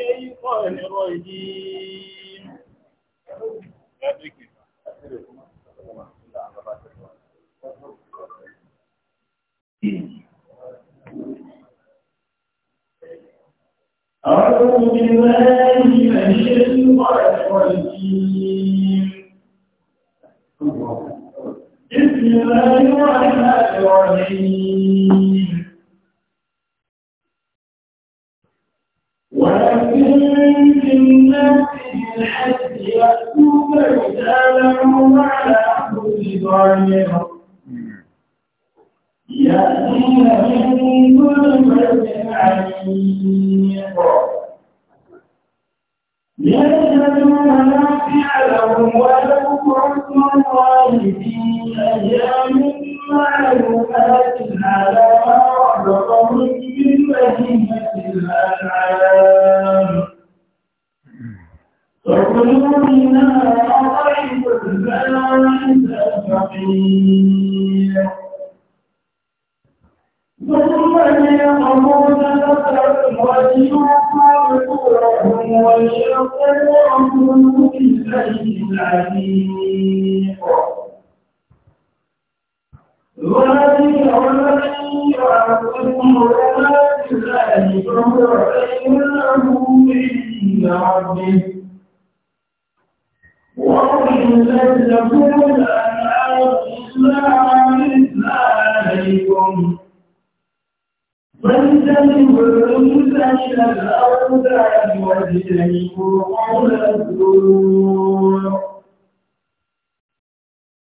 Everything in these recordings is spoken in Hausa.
الشيطان الرجيم أعوذ بالله من الشيطان الرجيم بسم الله الرحمن الرحيم Yeah. فقلوبنا أضعف البائس الفقير ثم يقضون فترا وليقرهم وليقرهم إليه العميق ذلك الذي يعبدون ولا تزال جمعين له عند ربه وأحلت لكم الأنعام إلا مثل عليكم فاجتنبوا الرجس من الأوثان واجتنبوا قول الزور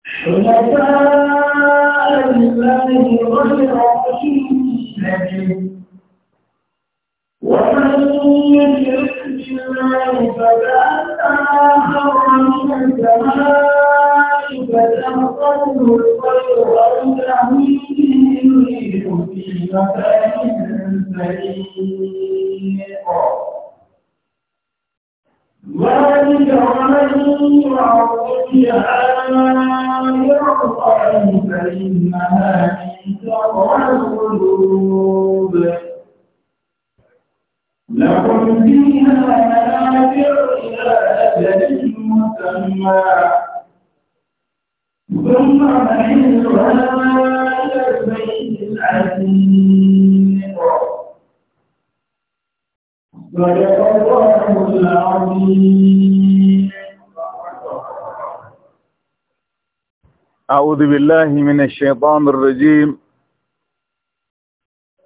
حنفاء لله غير مشركين ومن يشرك بالله فلا من السماء فتمطره الطير أو تهويه في مكان سريع ذلك ومن يعظم شعائر فإنها من القلوب لكم فيها منافع إلى أجل مسمى ثم محلها إلى العتيق صدق الله العظيم أعوذ بالله من الشيطان الرجيم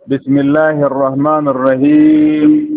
بسم الله الرحمن الرحيم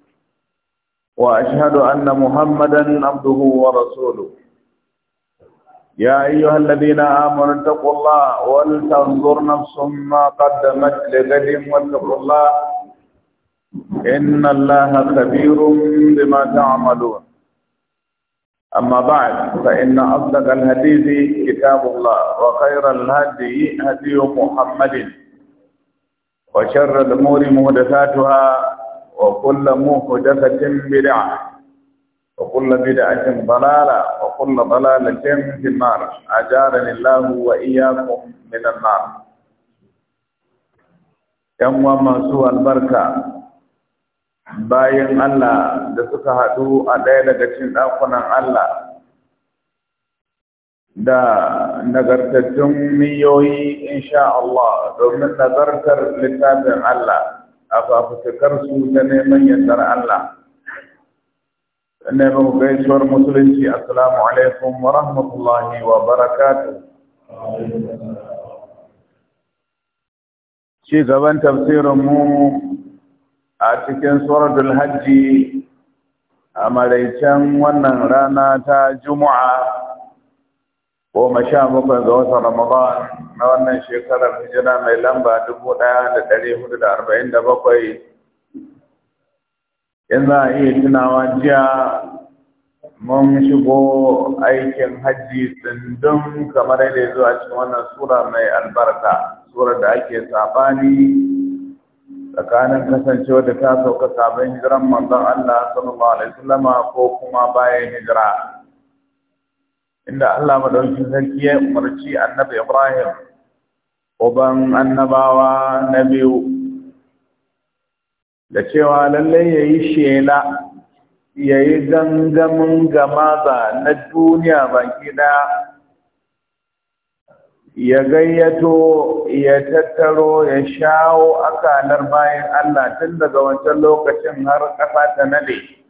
وأشهد أن محمدا عبده ورسوله يا أيها الذين آمنوا اتقوا الله ولتنظر نفس ما قدمت لغد واتقوا الله إن الله خبير بما تعملون أما بعد فإن أصدق الحديث كتاب الله وخير الهدي هدي محمد وشر الأمور محدثاتها وكل محدثة بدعة وكل بدعة ضلالة وكل ضلالة في النار أجارني الله وإياكم من النار ‘Yan uwa masu albarka bayan Allah da suka haɗu a ɗaya daga cikin ɗakunan Allah da nagartattun niyoyi insha Allah domin nagartar littafin Allah. a su ta neman yardar Allah. Sannan ba gaisuwar musulunci, Assalamu alaikum wa rahmatullahi wa barakatu. Ci gaban tafsirinmu a cikin suratul hajji a maraicen wannan rana ta Juma'a. goma sha bakwai ga watan Ramadan na wannan shekarar hijira mai lamba dubu ɗaya da ɗari hudu da arba'in da bakwai. In za a iya tunawa jiya mun shigo aikin hajji tsindin kamar yadda zuwa cikin wannan sura mai albarka, sura da ake saɓani tsakanin kasancewa da ta sauka sabon hijiran manzon Allah sallallahu alaihi wasallama ko kuma bayan hijira. inda Allah madaukin sarki ya umarci annabi Ibrahim uban annabawa na biyu da cewa lallai yayi shela yayi gangamin gamaza na duniya baki daya ya gayyato ya tattaro ya shawo akalar bayan Allah tun daga wancan lokacin har ƙasa ta nade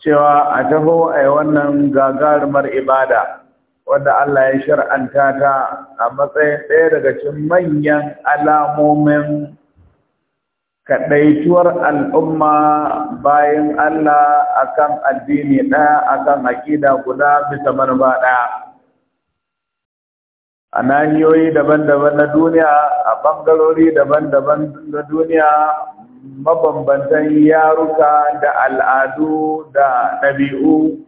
cewa a taho a yi wannan gagarumar ibada wadda Allah ya shar'anta ta a matsayin ɗaya daga cikin manyan alamomin kaɗaituwar al'umma bayan Allah akan addini ɗaya akan aƙida guda bisa manufa ɗaya. A nahiyoyi daban-daban na duniya, a ɓangarori daban-daban na duniya mabambantan yaruka da al'adu da ɗabi'u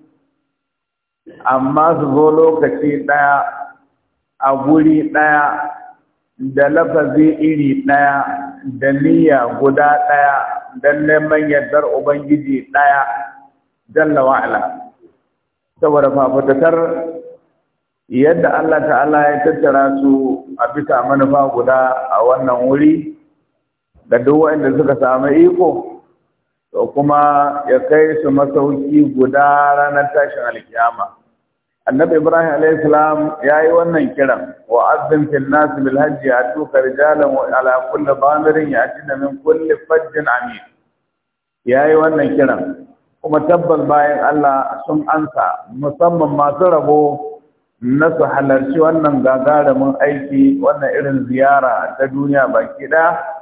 amma su zo lokaci ɗaya a guri ɗaya da lafazi iri ɗaya da niyya guda ɗaya don neman yardar ubangiji ɗaya jalla wa'ala saboda fafutatar yadda Allah ta'ala ya tattara su a bisa manufa guda a wannan wuri da duk waɗanda suka samu iko to kuma ya kai su masauki guda ranar tashin alkiyama annabi ibrahim alayhi salam yayi wannan kiran wa azzim fil nas bil hajj atuka rijalan wa ala kulli damirin yatina min kulli fajjin amin yayi wannan kiran kuma tabbas bayan Allah sun ansa musamman masu rabo na su halarci wannan gagarumin aiki wannan irin ziyara ta duniya baki ɗaya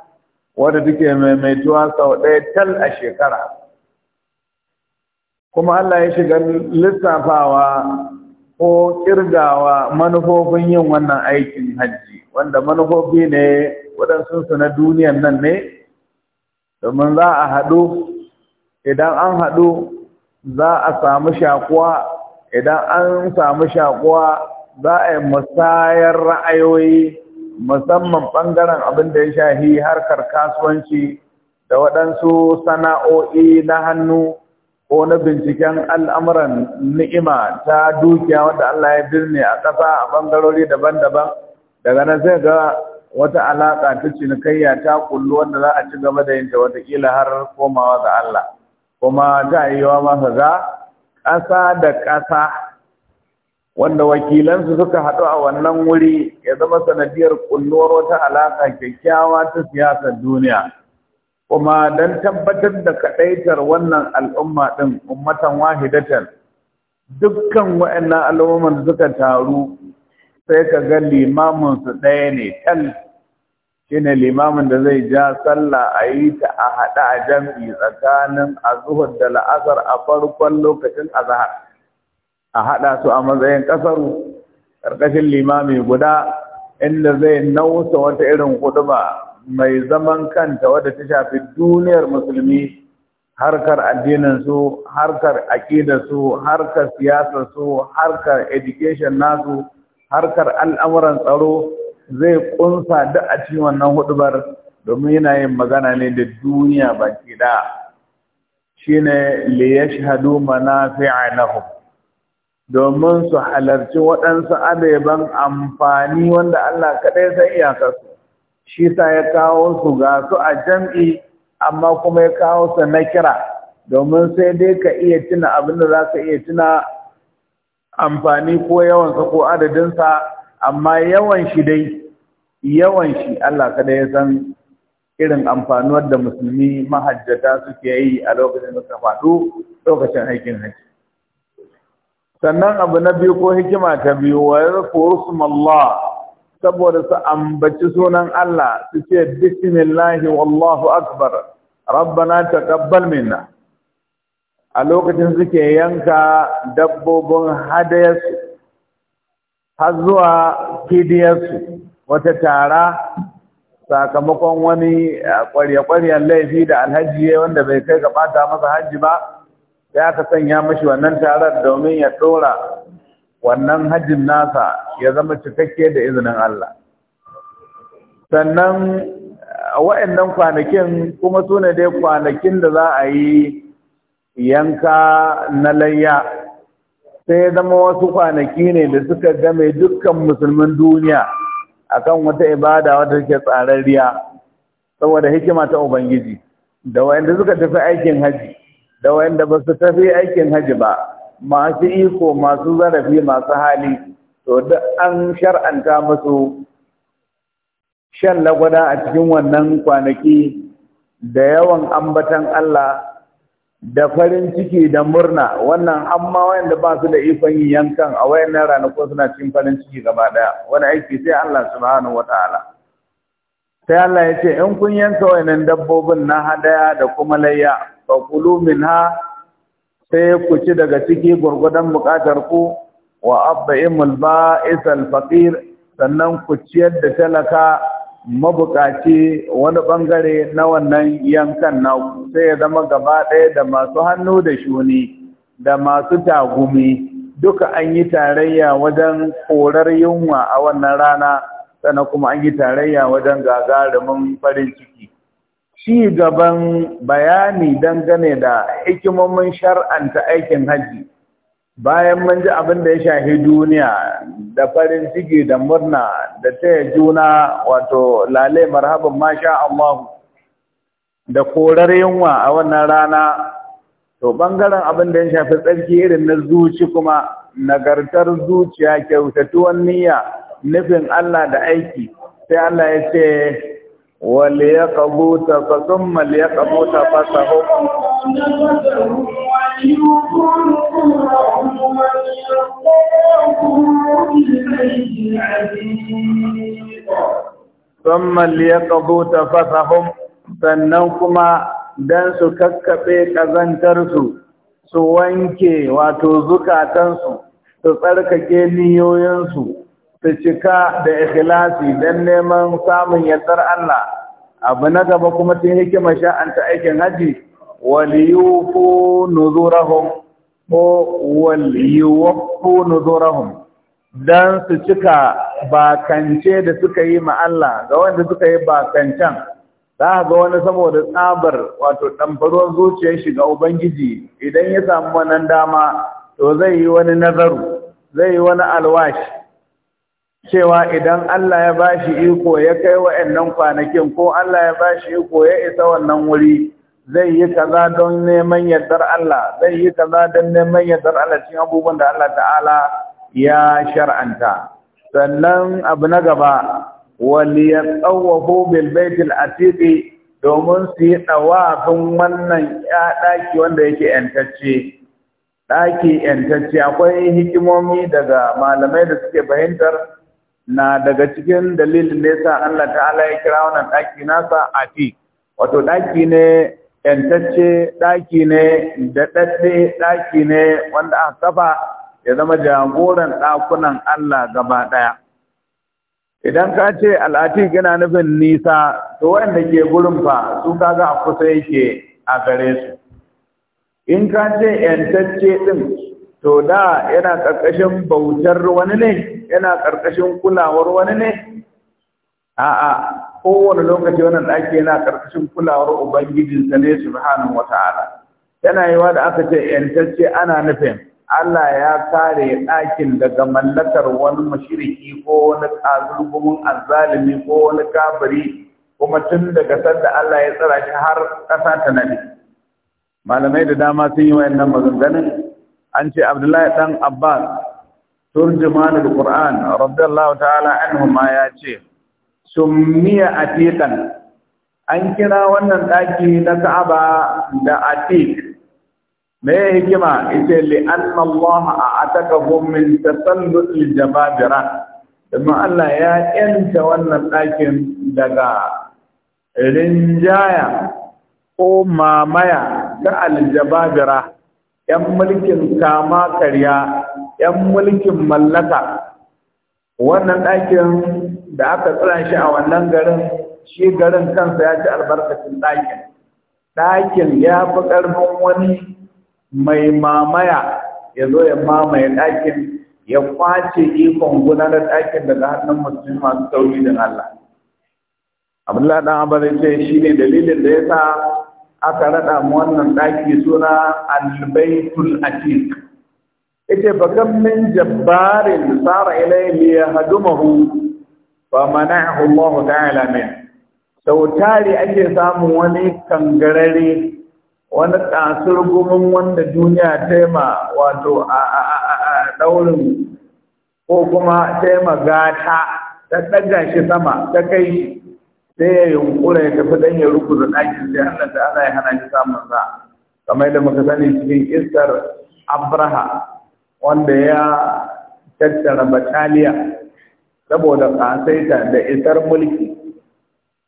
wadda take maimaituwa sau ɗaya tal a shekara kuma Allah ya shiga lissafawa ko ƙirgawa manufofin yin wannan aikin hajji wanda manufofi ne waɗansu na duniyan nan ne domin za a haɗu idan an haɗu za a samu shakuwa idan an samu shakuwa za a yi musayar ra'ayoyi musamman ɓangaren abin da ya shahi harkar kasuwanci da waɗansu sana'o'i na hannu ko na binciken al'amuran ni'ima ta dukiya wanda Allah ya birne a ƙasa a ɓangarori daban-daban daga nan zai ga wata alaƙa ta cinikayya ta kullu wanda za a ci gaba da yinta watakila har komawa ga Allah kuma ta yiwa masa ga ƙasa da ƙasa wanda wakilansu suka haɗu a wannan wuri ya zama sanadiyar kunnuwar wata alaƙa kyakkyawa ta siyasar duniya kuma don tabbatar da kaɗaitar wannan al'umma ɗin ummatan wahidatan dukkan wa'annan al'umman suka taru sai ka ga limaminsu ɗaya ne tal shine limamin da zai ja sallah a yi ta a haɗa a jam'i tsakanin Azuhur da la'azar a farkon lokacin azahar a haɗa su a matsayin ƙasar ƙarƙashin limami guda inda zai nausa wata irin ba, mai zaman kanta wadda ta shafi duniyar musulmi harkar addininsu harkar aƙidarsu harkar siyasarsu harkar education nasu harkar al'amuran tsaro zai ƙunsa duk a cikin wannan hudubar domin yana yin magana ne da duniya baki ɗaya shine liyashhadu manafi'a lahum domin su halarci waɗansu abeban amfani wanda Allah kaɗai san iyakarsu shi sa ya kawo su ga su a jam'i amma kuma ya kawo su na kira domin sai dai ka iya tuna abin da za ka iya tuna amfani ko yawansa ko adadinsa amma yawan shi dai yawan shi Allah kaɗai ya san irin amfanuwar da musulmi mahajjata suke yi a lokacin da suka faɗo lokacin aikin hajji sannan abu na biyu ko hikima ta biyu wa yarfurusmallah saboda su ambaci sunan Allah su ce bismillahi wallahu akbar rabbana taqabbal minna a lokacin suke yanka dabbobin hadayarsu har zuwa fidiyarsu wata tara sakamakon wani kwarya-kwaryar eh, laifi da alhaji wanda bai kai ga ɓata masa hajji ba sai aka sanya mashi wannan tarar domin ya ɗora wannan hajjin nasa ya zama cikakke da izinin Allah sannan waɗannan kwanakin kuma su ne dai kwanakin da za a yi yanka na layya sai ya zama wasu kwanaki ne da suka game dukkan musulmin duniya akan wata ibada wata ke tsararriya saboda hikima ta ubangiji da wa'anda suka tafi aikin haji da wanda ba su tafi aikin haji ba masu iko masu zarafi masu hali to duk an shar'anta musu shan lagwada a cikin wannan kwanaki da yawan ambatan Allah da farin ciki da murna wannan amma wanda ba su da ikon yin yankan a wayannan ranakun suna cikin farin ciki gaba daya wani aiki sai Allah subhanahu wataala sai Allah ya ce in kun yanka wayannan dabbobin na hadaya da kuma layya min minha sai ku ci daga ciki gurgudan bukatar ku wa imul ba isal faqir sannan ku ciyar da talaka mabukaci wani ɓangare na wannan yankan na sai ya zama gaba ɗaya da masu hannu da shuni da masu tagumi duka an yi tarayya wajen korar yunwa a wannan rana sannan kuma an yi tarayya wajen gagarumin farin ciki ci gaban bayani dangane da hikimomin shar'anta aikin hajji bayan mun ji abin da ya shafi duniya da farin ciki da murna da taya juna wato lale marhaban masha Allah da korar yunwa a wannan rana to bangaren abin da ya shafi tsarki irin na zuci kuma nagartar zuciya kyautatuwan niyya nufin Allah da aiki sai Allah ya ce وليقضوا ثم ليقضوا تفسهم ثم ليقضوا تفسهم sannan kuma dan su kakkaɓe ƙazantarsu su wanke wato zukatansu su tsarkake niyoyinsu su cika da ikhlasi don neman samun yardar Allah abu na gaba kuma sun hikima sha'anta aikin haji waliyufu nuzurahum ko waliyufu nuzurahum don su cika bakance da suka yi ma Allah ga wanda suka yi bakancan za ga wani saboda tsabar wato ɗamfaruwar zuciyar shiga Ubangiji idan ya samu wannan dama to zai yi wani nazaru zai yi wani alwashi cewa idan Allah ya ba shi iko ya kai wa'annan kwanakin ko Allah ya ba shi iko ya isa wannan wuri zai yi kaza don neman yardar Allah zai yi kaza don neman yardar Allah cikin abubuwan da Allah ta'ala ya shar'anta sannan abu na gaba waliya tsawafu bil baitil atiqi domin su yi tsawafin wannan ya daki wanda yake yantacce daki yantacce akwai hikimomi daga malamai da suke fahimtar na daga cikin dalilin da yasa Allah ta'ala ya kira wannan ɗaki nasa fi, wato ɗaki ne yantacce ɗaki ne daɗaɗɗe ɗaki ne wanda aka kafa ya zama jagoran ɗakunan Allah gaba ɗaya idan ka ce al'atik yana nufin nisa to wanda ke gurin fa su kaga a kusa yake a gare su in ka ce yantacce ɗin to da yana ƙarƙashin bautar wani ne yana ƙarƙashin kulawar wani ne a'a kowane lokaci wannan ɗaki yana ƙarƙashin kulawar ubangijinsa ne subhanahu wata'ala yana yiwa da aka ce yantacce ana nufin Allah ya kare ɗakin daga mallakar wani mashiriki ko wani azulgumin azzalimi ko wani kafiri kuma tun daga sanda Allah ya tsara shi har ƙasa ta nade malamai da dama sun yi wayannan maganganun an ce abdullahi ɗan abbas turjuman alquran radiyallahu ta'ala anhuma ya ce summiya atiqan an kira wannan ɗaki na ka'aba da atiq me hikima ita li anna allah a'ataqahum min tasallul jababira domin allah ya yanta wannan ɗakin daga rinjaya ko mamaya ta aljababira ‘yan mulkin kama karya, ‘yan mulkin mallaka, wannan ɗakin da aka tsira shi a wannan garin, shi garin kansa ya ci albarkacin ɗakin. Ɗakin ya fi ƙarfin wani mai mamaya ya zo ya mamaye ɗakin, ya kwace ikon gudanar ɗakin daga hannun musulmi masu tauri da Allah. Abdullahi ɗan Abba ce shi ne dalilin da ya sa aka raɗa mu wannan daki suna albaitul atiq ite bakam min jabbarin sara ilayhi yahdumahu fa mana'ahu Allah ta'ala min sautari ake samun wani kangarare wani tasir gumin wanda duniya ma wato a daurin ko kuma ma gata ta daga shi sama ta kai shi sai ya yunkura ya tafi dan ya rukuza ɗakin sai Allah ta'ala ya hana shi samun sa kamar da muka sani cikin iskar Abraha wanda ya tattara bataliya saboda kasaita da isar mulki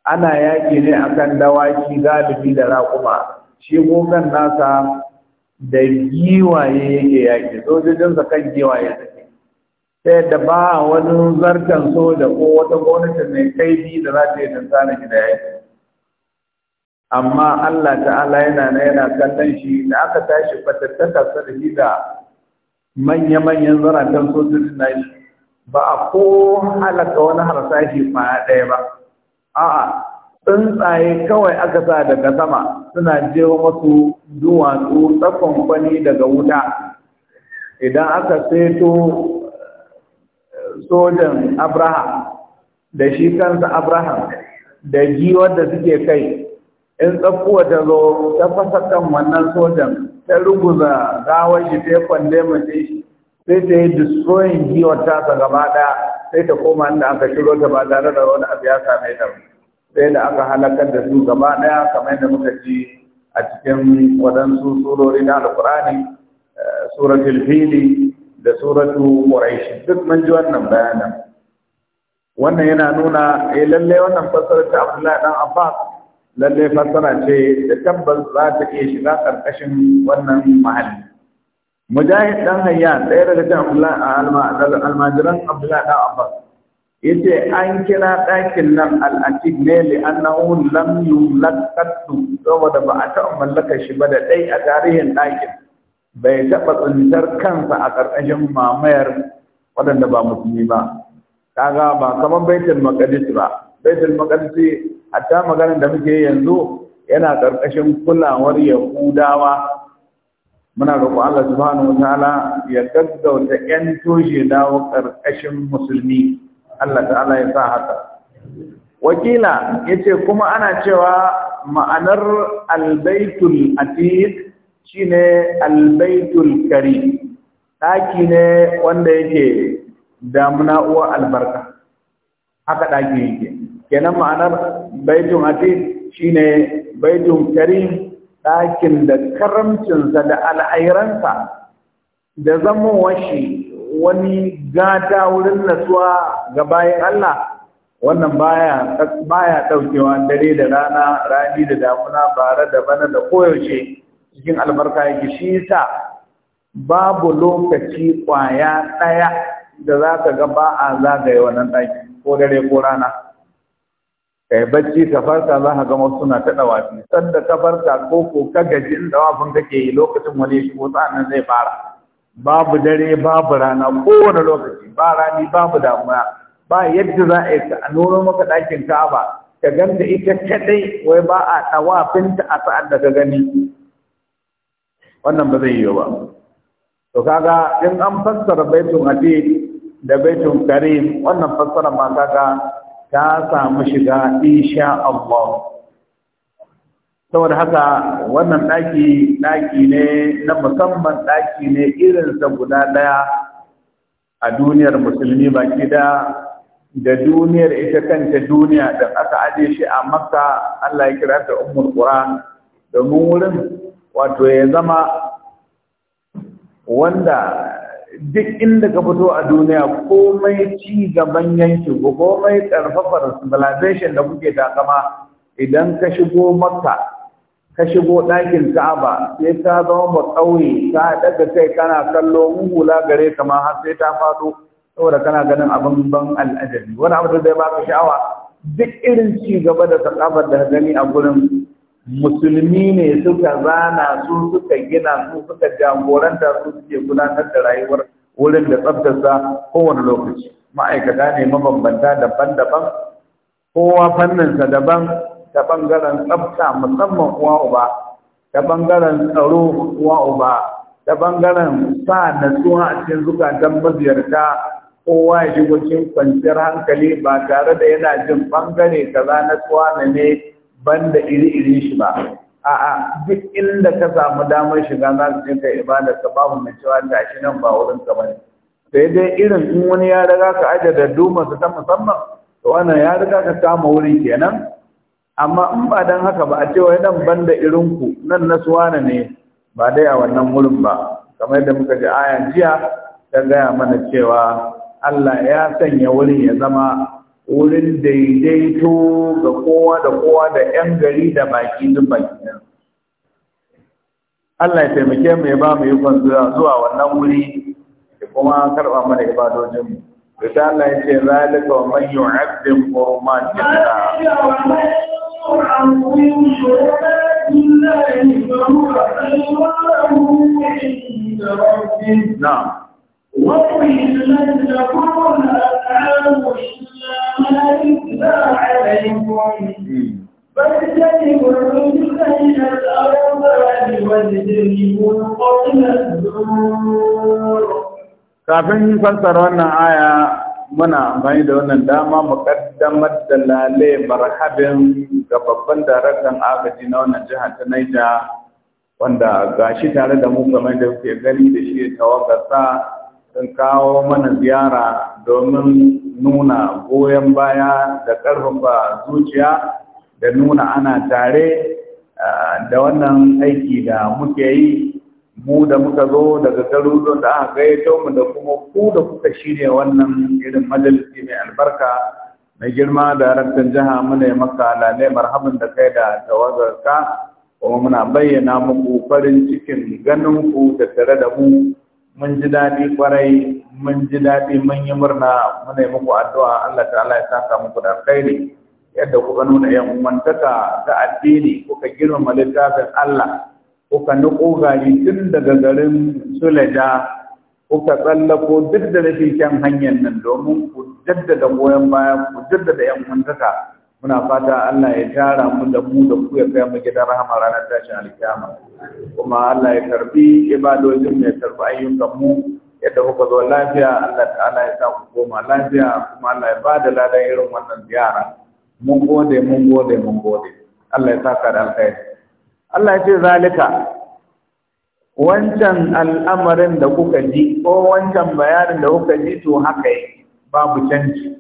ana yaƙi ne akan dawaki galibi da raƙuma shi gogan nasa da giwaye yake yaƙi sojojinsa kan giwaye ta yadda ba wani zartan da ko wata gwamnati mai kaifi da za ta yi dantana gida ya yaki amma Allah ta'ala yana na yana kallon shi da aka tashi fatattaka sarari da manya-manyan zaratan sojojin na shi ba a ko halaka wani harsashi baya ɗaya ba a'a tsuntsaye kawai aka sa daga sama suna jewa masu duwatsu tsakon kwani daga wuta idan aka seto sojan abraha da shi kansa abraham da giwar da suke kai in tsakuwa ta zo ta fasa kan wannan sojan ta ruguza gawar shi ta kwalle mace shi sai ta yi destroying giwar ta gaba ɗaya sai ta koma inda aka shiro ta ba tare da wani abu ya same ta sai da aka halakar da su gaba ɗaya kamar da muka ji a cikin waɗansu surori na alkurani eh, suratul fili da suratu quraish duk mun ji wannan bayanan wannan yana nuna eh lalle wannan fasara ta Abdullahi dan Abbas lalle fasara ce da tabbas za ta iya shiga ƙarƙashin wannan mahalli Mujahid dan hayya ɗaya daga cikin Abdullahi ah, almajiran Abdullahi dan Abbas ce an kira ɗakin nan al'atik ne li'annahu lam yumlak saboda ba a taɓa mallaka shi ba da ɗai a tarihin ɗakin bai taɓa tsintar kansa a ƙarƙashin mamayar waɗanda ba musulmi ba kaga ba kamar baitul maqdis ba baitul maqdis hatta maganar da muke yanzu yana ƙarƙashin kulawar yahudawa muna roƙo Allah subhanahu wataala ya gaggauta ƴan toshe dawo ƙarƙashin musulmi Allah ta'ala ya sa haka wakila yace kuma ana cewa ma'anar albaitul atiq shine albaitul kari ɗaki ne wanda yake damuna uwa albarka haka ɗaki yake kenan ma'anar baitun shi shine baitun karim ɗakin da karamcinsa da al'airansa da zamowar washi wani gata wurin natsuwa ga bayan Allah wannan baya baya dare da rana rani da damuna bare da bana da koyaushe cikin albarka yake shi yasa babu lokaci kwaya ɗaya da za ka ga ba a zagaye wannan ɗaki ko dare ko rana kai bacci ka farka za ka gama suna ta ɗawafi, sanda ka farka ko ko ka gaji in dawafin kake yi lokacin wani shigo nan zai fara babu dare babu rana kowane lokaci ba rani babu damuwa ba yadda za a yi a nuno maka ɗakin ba ka ganta ita kadai wai ba a ɗawafinta a sa'ad da ka gani wannan ba zai yi ba to kaga in an fassara baitun hadid da baitun karim wannan fassara ma kaga ta samu shiga insha Allah saboda haka wannan ɗaki ɗaki ne na musamman ɗaki ne irinsa guda ɗaya a duniyar musulmi baki da da duniyar ita kanta duniya da aka aje shi a makka Allah ya kira ta ummul qur'an domin wurin wato ya zama wanda duk inda ka fito a duniya komai ci gaban yanki ko komai karfafar civilization da kuke takama idan ka shigo makka ka shigo ɗakin ka'aba sai ka zama ba ƙauye ka daga kai kana kallo hula gare kama har sai ta faɗo saboda kana ganin abin ban al'ajabi wani abu da zai baka sha'awa duk irin ci gaba da sakabar da gani a gurin musulmi ne suka zana su suka gina su suka jagoranta su suke gudanar da rayuwar wurin da tsabtarsa kowane lokaci ma'aikata ne mabambanta daban-daban kowa fanninsa daban ta ɓangaren tsafta musamman uwa uba ta ɓangaren tsaro uwa uba ta bangaren sa natsuwa a cikin zukatan maziyarta kowa ya shigo cikin kwanciyar hankali ba tare da yana jin bangare kaza na tsuwa ne banda iri-irin shi ba a'a duk inda ka samu damar shiga za su je ibada ka babu mai cewa shi nan ba wurin ka bane sai dai irin in wani ya riga ka aje da duma su ta musamman to wannan ya riga ka kama wuri kenan amma in ba dan haka ba a ce wai nan banda irin ku nan na suwana ne ba dai a wannan wurin ba kamar yadda muka ji aya jiya ta gaya mana cewa Allah ya sanya wurin ya zama wurin daidaito ga kowa da kowa da 'yan gari da baki duk baki Allah ya taimake mu ya ba mu yukon zuwa wannan wuri da kuma karɓa mana mu. Bisa Allah ya ce zalika wa man yu'azzim hurumat Allah. Na'am. kafin fassara wannan aya muna amfani da wannan dama mu kaddamar da lale marhabin ga babban daraktan agaji na wannan jihar ta Naija wanda gashi tare da mu kamar da kuke gani da shi tawagarsa sun kawo mana ziyara domin nuna goyon baya da ƙarfafa zuciya da nuna ana tare da wannan aiki da muke yi mu da muka zo daga garuruwan da aka gayyato mu da kuma ku da kuka shirya wannan irin majalisi mai albarka mai girma da rantar jiha muna maka lale marhaban da kai da tawazarka kuma muna bayyana muku farin cikin ganin ku da tare da mu mun ji daɗi kwarai mun ji daɗi mun yi murna muna yi muku addu'a Allah ta'ala ya saka muku da alkhairi yadda kuka nuna yan uwantaka ta addini kuka girmama littafin Allah kuka nuko gari tun daga garin Suleja kuka tsallako duk da rashin kyan hanyar nan domin ku jaddada goyon baya ku jaddada yan umantaka muna fata Allah ya tara mu da mu da ku ya kai mu gidan rahama ranar tashin alkiyama kuma Allah ya karbi ibadojin mu ya karbi ayyukan mu dafa ku zo lafiya Allah ta'ala ya sa ku koma lafiya kuma Allah ya ba da ladan irin wannan ziyara mun gode mun gode mun gode Allah ya saka da alkhairi Allah ya ce zalika wancan al'amarin da kuka ji ko wancan bayanin da kuka ji to haka yake babu canji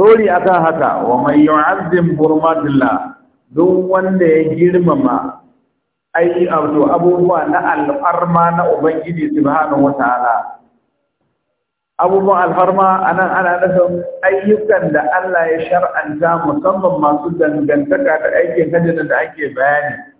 tsori akan haka wa mai yu'azzim hurmatillah duk wanda ya girmama ai abubuwa na alfarma na ubangiji wata ala. abubuwan alfarma anan ana nufin ayyukan da Allah ya shar'anta musamman masu dangantaka da aikin hajjin da ake bayani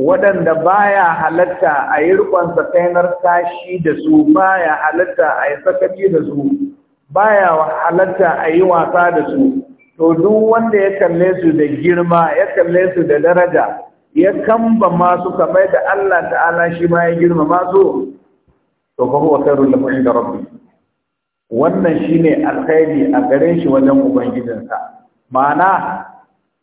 waɗanda baya halatta a yi rikonsa kainar tashi da su baya halatta a yi sakaci da su baya halatta a yi wasa da su to duk wanda ya kalle su da girma ya kalle su da daraja ya kamba masu kamar da Allah ta'ala shi ma ya girma masu to fa huwa khairul lahu da rabbi wannan shine alkhairi a gare shi wajen ubangijinsa ma'ana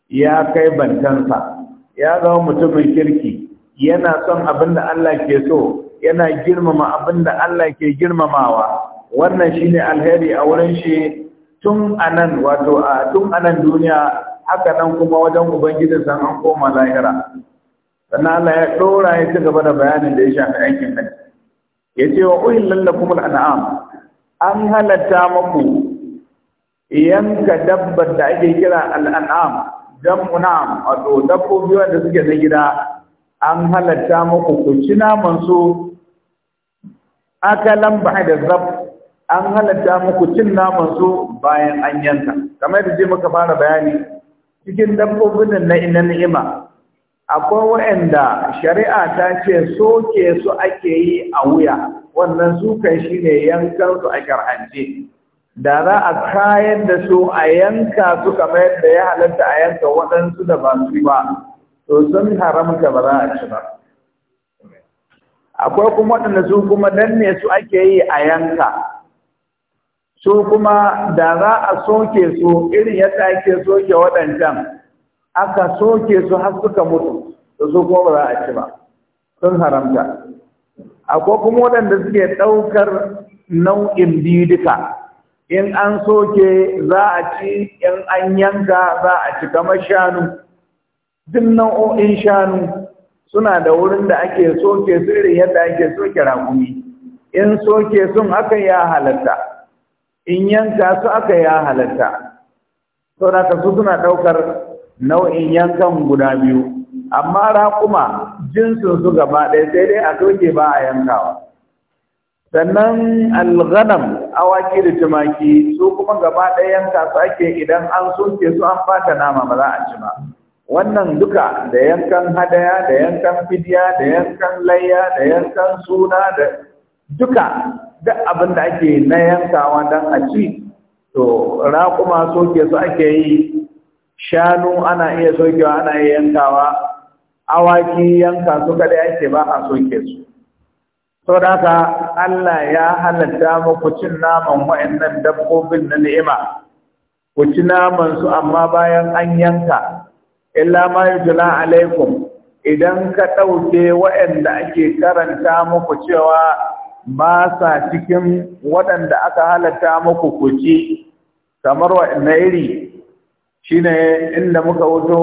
ya kai bantansa ya zama mutumin kirki yana son abin da Allah ke so yana girmama abin da Allah ke girmamawa wannan shi ne alheri a wurin shi tun anan wato a tun anan duniya haka nan kuma wajen ubangijin san an koma lahira sannan Allah ya dora ya ci gaba da bayanin da ya shafi aikin nan Ya ce wa uhin lakum al'am an halatta muku yanka dabbar da ake kira al'am jam'u wato dabbobi wanda suke na gida an halatta muku ku ci naman su akalan ba da zab an halatta muku cin naman su bayan an yanka kamar da je muka fara bayani cikin dabbobin na ina ni'ima akwai waɗanda shari'a ta ce soke su ake yi a wuya wannan su shi ne yankan su a shar'ance da za a kayan da su a yanka su kamar yadda ya halatta a yanka waɗansu da ba su ba to sun haramta ba za a ci ba akwai kuma waɗanda su kuma danne su ake yi a yanka su kuma da za a soke su irin yadda ake soke waɗancan aka soke su har suka mutu da su kuma ba za a ci ba sun haramta akwai kuma waɗanda suke ɗaukar nau'in biyu duka in an soke za a ci in an yanka za a ci kamar shanu duk nau'o'in shanu suna da wurin da ake soke su irin yadda ake soke raƙumi in soke sun haka ya halatta in yanka su aka ya halatta saboda su suna ɗaukar nau'in yankan guda biyu amma raƙuma jinsin su gaba ɗaya sai dai a soke ba a yankawa sannan alghanam awaki da tumaki su kuma gaba ɗaya yanka su ake idan an soke su an fata nama ba za a ci ba wannan duka da yankan hadaya da yankan fidya da yankan layya da yankan suna da duka duk abin da ake na yankawa don a ci to raƙuma soke su ake yi shanu ana iya sokewa ana iya yankawa awaki yanka su kada ake ba a soke su sau da haka Allah ya halatta muku cin naman wa'annan dabbobin na ni'ima ku ci naman su amma bayan an yanka illa ma yujla alaikum idan ka ɗauke wa'anda ake karanta muku cewa ba sa cikin waɗanda aka halatta muku kuci kamar waɗanda iri shine inda muka wuto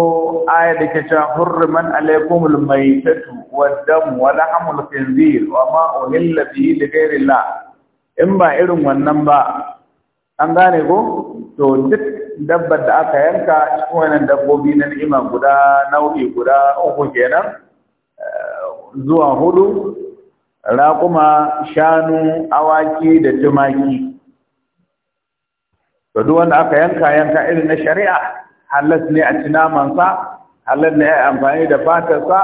aya da ke cewa hurriman alaikumul maitatu waddam wa lahamul khinzir wa ma uhilla bihi li in ba irin wannan ba an gane ko to duk dabbar da aka yanka cikin wannan dabbobi na ni'ima guda nau'i guda uku kenan eh, zuwa hudu raƙuma shanu awaki da tumaki to duk wanda aka yanka yanka irin na shari'a halas ne a ci namansa halas ne a amfani da fatarsa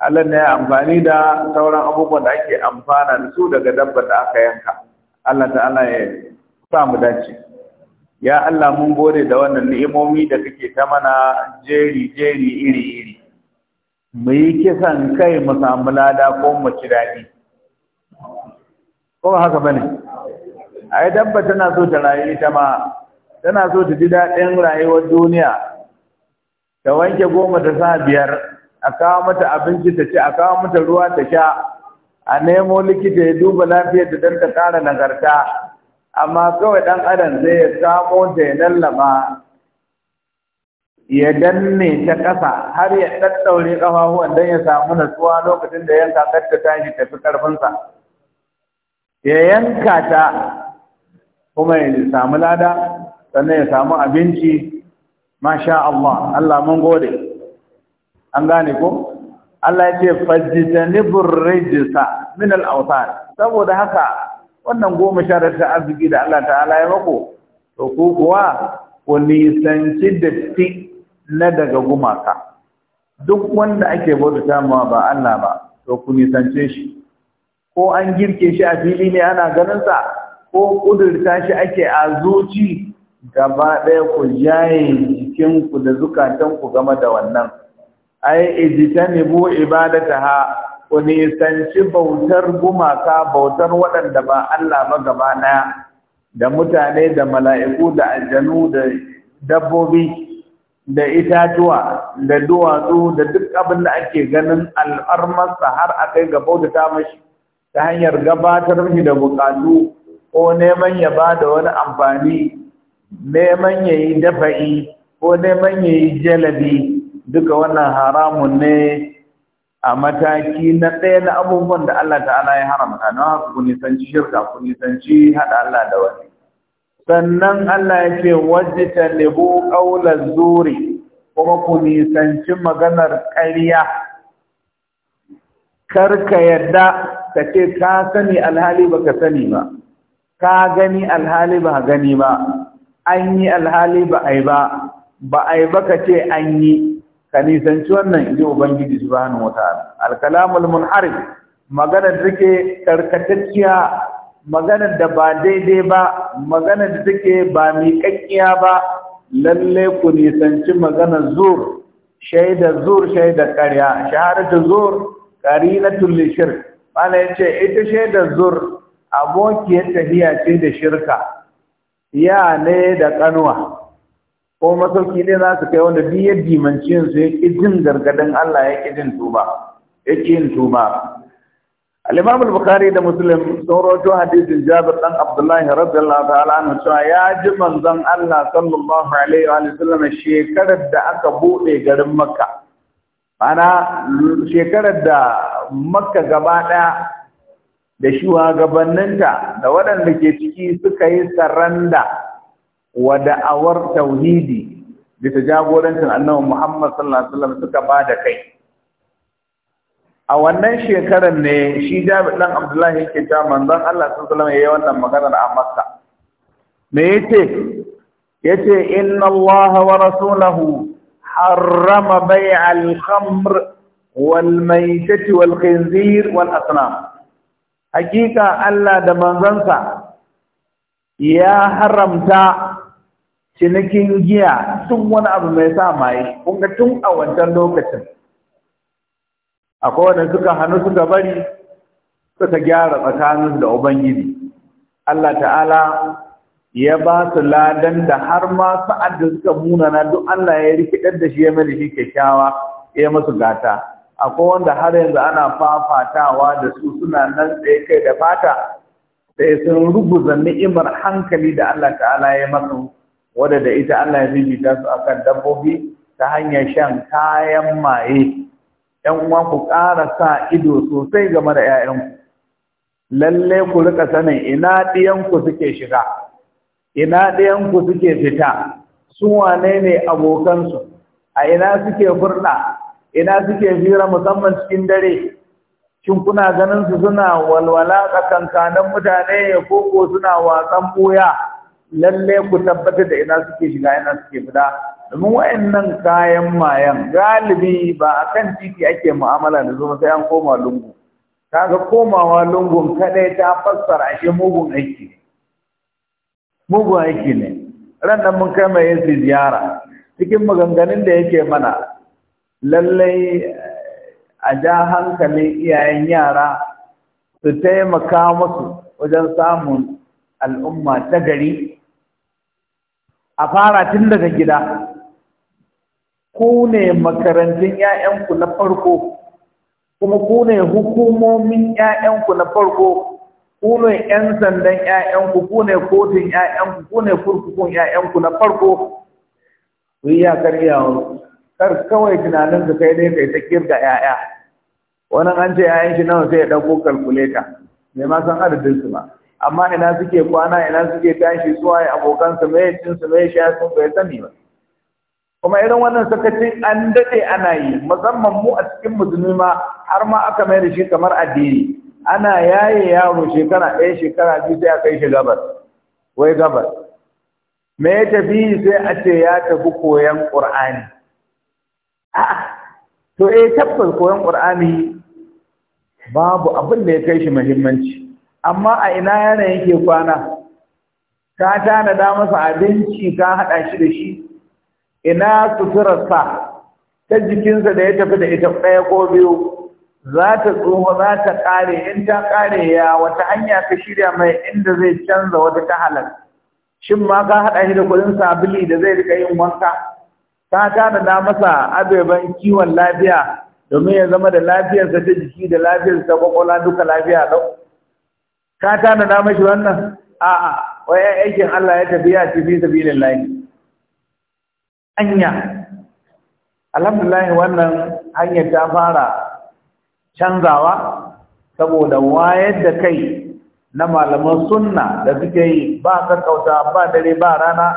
halas ne a amfani da sauran abubuwan da ake amfana da su daga dabbar da aka yanka Allah ta'ala ya sa mu dace ya Allah mun gode da wannan ni'imomi da kake ta mana jeri jeri iri iri mu yi kisan kai mu samu lada ko mu ci daɗi ko ba haka bane ai dabba tana so ta rayu ita ma tana so ta ji daɗin rayuwar duniya ta wanke goma ta sa biyar a kawo mata abinci ta ci a kawo mata ruwa ta sha a nemo likita ya duba lafiyar da don ta ƙara nagarta amma kawai ɗan adam zai ya samo ta ya lallama ya danne ta ƙasa har ya ɗaɗɗaure ƙafafuwan don ya samu natsuwa lokacin da yanka kar ta tashi tafi ƙarfinsa ya yanka ta kuma ya samu lada sannan ya samu abinci masha Allah Allah mun gode an gane ko Allah ya ce fajjitani rijsa min al-awtan saboda haka wannan goma sharar ta arziki da Allah ta'ala ya mako to ku kuwa ku nisanci datti na daga gumaka duk wanda ake bauta ma ba Allah ba to ku nisance shi ko an girke shi a fili ne ana ganinsa ko ƙudurta shi ake a zuci gaba ɗaya ku jaye ku da zukatan ku game da wannan ai ijtanibu ibadataha ku nisanci bautar gumaka bautar waɗanda ba Allah ba gaba ɗaya da mutane da mala'iku da aljanu da dabbobi da itatuwa da duwatsu da duk abin da ake ganin al'armarsa har a kai ga bautata mashi ta hanyar gabatar shi da bukatu ko neman ya ba da wani amfani neman ya yi dafa'i ko neman ya yi jalabi duka wannan haramun ne a mataki na ɗaya na abubuwan da Allah ta'ala ya haramta na haka ku nisanci shirka ku nisanci haɗa Allah da wani sannan Allah ya ce wajen ta nebo ƙaular zuri kuma ku nisanci maganar ƙarya kar ka yadda ka ce ka sani alhali ba ka sani ba ka gani alhali ba gani ba an yi alhali ba ai ba ba ai ba ka ce an yi ka nisanci wannan inji ubangiji hannun wata alkalamul munharif maganar take karkatacciya maganar da ba daidai ba maganar da take ba miƙaƙƙiya ba lalle ku nisanci maganar zur shaida zur shaida ƙarya da zur qarinatul lishirk ya yace ita da zur abokiyar tahiya ce da shirka ya ne da ƙanuwa? ko masauki ne za su kai wanda duk ya dimancin su ya ƙi jin gargadin Allah ya ƙi jin tuba ya ƙi yin tuba al-Imam al-Bukhari da Muslim sun rawaito hadisin Jabir dan abdullahi radiyallahu ta'ala anhu cewa ya ji manzon Allah sallallahu alaihi wa sallam shekarar da aka bude garin Makka ana shekarar da makka gaba ɗaya da shugabanninta da waɗanda ke ciki suka yi saranda wa da'awar tauhidi bisa jagorancin annabi Muhammad sallallahu alaihi wasallam suka ba da kai a wannan shekarar ne shi Jabir dan Abdullahi yake ta manzon Allah sallallahu alaihi wasallam yi wannan maganar a Makka me yace yace inna Allah wa rasulahu harrama bai alhamr walmaitati walkhinzir walasnam hakika Allah da manzansa ya haramta cinikin giya tun wani abu mai sa maye kunga tun a wancan lokacin akwai wanda suka hannu suka bari suka gyara tsakaninsu da ubangiji Allah ta'ala ya ba su ladan da har ma sa'ad da suka munana duk Allah ya rikidar da shi ya mai shi kyakkyawa ya masu gata akwai wanda har yanzu ana fafatawa da su suna nan tsaye kai da fata sai sun ruguza ni'imar hankali da Allah ta'ala ya masu wadda da ita Allah ya bibita su akan dabbobi ta hanyar shan kayan maye ‘yan uwa ku ƙara sa ido sosai game da ‘ya'yanku Lallai ku rika sanin ina ɗiyanku suke shiga ina ɗayan suke fita su wane ne abokansu a ina suke furɗa ina suke hira musamman cikin dare shin kuna ganin su suna walwala tsakankanin mutane ya koko suna wasan buya lalle ku tabbatar da ina suke shiga ina suke fita domin nan kayan mayan galibi ba a kan titi ake mu'amala da zuma sai an koma lungu kaga komawa lungun kaɗai ta fassara ashe mugun aiki ne mugu aiki ne ran nan mun kai mai yin ziyara cikin maganganun da yake mana lallai eh, a ja hankalin iyayen yara su taimaka musu wajen samun al'umma ta gari a fara tun daga gida ku ne makarantun 'ya'yanku na farko kuma ku ne hukumomin 'ya'yanku na farko ku ne ƴan sandan ƴaƴanku ku ne kotun ƴaƴanku ku ne kurkukun ƴaƴanku na farko ku yi yakar iyawan kar kawai tunanin ka kai dai kai ta kirga ƴaƴa wani an ce ƴaƴan shi nawa sai ya ɗauko kalkuleta Me ma san adadin su ba amma ina suke kwana ina suke tashi zuwa ya abokan su mai cin su mai sha sun bai sani ba kuma irin wannan sakacin an daɗe ana yi musamman mu a cikin musulmi ma har ma aka mai da shi kamar addini ana yaye yaro shekara ɗaya shekara biyu sai a kai shi gabas wai gabas me ya tafi sai a ce ya tafi koyan ƙur'ani a'a to eh tabbas koyan ƙur'ani babu abin da ya kai shi muhimmanci amma a ina yana yake kwana ka tanada masa abinci ka haɗa shi da shi ina suturarsa ta jikinsa da ya tafi da ita ɗaya ko biyu za ta tsoho za ta kare in ta kare ya wata hanya ka shirya mai inda zai canza wata ta halar shin ma ka haɗa shi da kuɗin sabili da zai rika yin wanka ta tanada masa abeban kiwon lafiya domin ya zama da lafiyarsa ta jiki da lafiyarsa ta kwakwala duka lafiya ɗau ka tanada mashi wannan a'a wai aikin Allah ya tafi ya tafi sabilin lahi anya alhamdulillah wannan hanyar ta fara canzawa saboda wayar da kai na malaman sunna da suke yi ba kakauta ba dare ba rana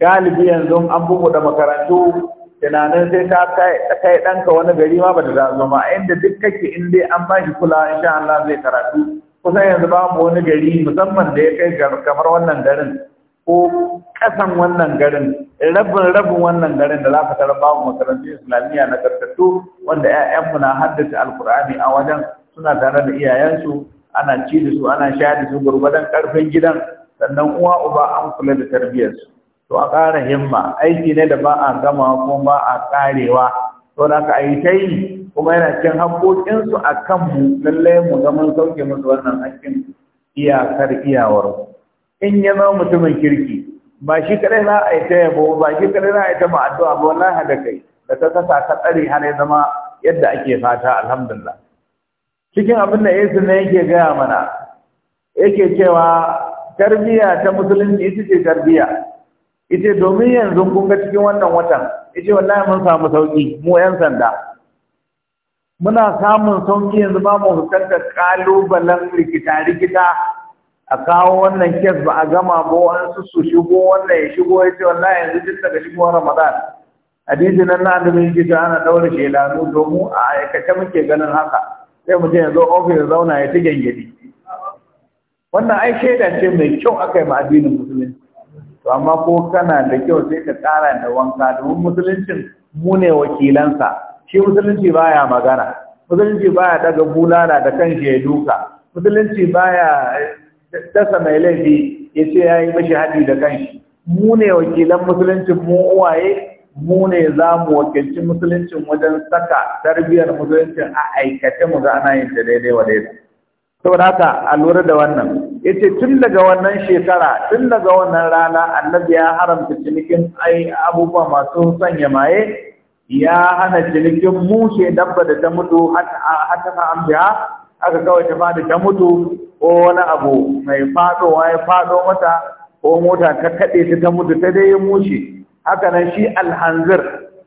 galibi yanzu an bugu da makarantu tunanin sai ta kai ɗanka wani gari ma ba da zama inda duk kake in dai an ba shi kula sha Allah zai karatu kusan yanzu ba mu wani gari musamman da ya kai kamar wannan garin ko kasan wannan garin rabin rabin wannan garin da za ka tarar babu makarantu islamiyya na karkatu wanda 'ya'yanmu na haddace alkur'ani a wajen suna tare da iyayensu ana ci da su ana sha da su gurbadan karfin gidan sannan uwa uba an kula da tarbiyyarsu to a ƙara himma aiki ne da ba a gama kuma ba a ƙarewa to da ka yi ta yi kuma yana cin haƙoƙinsu a kanmu lallai mu ga sauke musu wannan haƙƙin iyakar iyawarmu. in ya zama mutumin kirki ba shi kadai za a yi ta yabo ba shi kadai za a yi ta ma'addu'a ba wallahi haɗa kai da ta kasa ta tsare har ya zama yadda ake fata alhamdulillah cikin abin da Yesu ne yake gaya mana yake cewa tarbiya ta musulunci ita ce tarbiya ita domin yanzu kun ga cikin wannan watan ita wallahi mun samu sauki mu yan sanda muna samun sauki yanzu ba mu fuskantar kalubalen rikita rikita a kawo wannan kes ba a gama ba wasu su shigo wannan ya shigo ya ce wannan yanzu duk daga shigo ramadan hadisi nan na da yake ana daura shelanu domin a aikace muke ganin haka sai mutum ya zo ofis zauna ya ci gyangyaɗi wannan ai shaida ce mai kyau aka yi ma addinin musulunci to amma ko kana da kyau sai ka tsara da wanka domin musuluncin mu ne wakilansa shi musulunci baya magana musulunci baya daga bulala da kan ka musulunci baya dasa mai laifi ya ce ya yi mashi haɗi da kanshi mu ne wakilan musuluncin mu uwaye mu ne za mu wakilci musuluncin wajen saka tarbiyyar musuluncin a aikace mu ga ana yin ta daidai wa daidai saboda haka a lura da wannan ya ce tun daga wannan shekara tun daga wannan rana annabi ya haramta cinikin ai abubuwa masu sanya maye ya hana cinikin mushe dabba da ta mutu hata an ka aka kawai ta fada ta mutu ko wani abu mai fadowa ya fado mata ko mota ka kaɗe ta ta mutu ta dai mushe haka nan shi alhanzir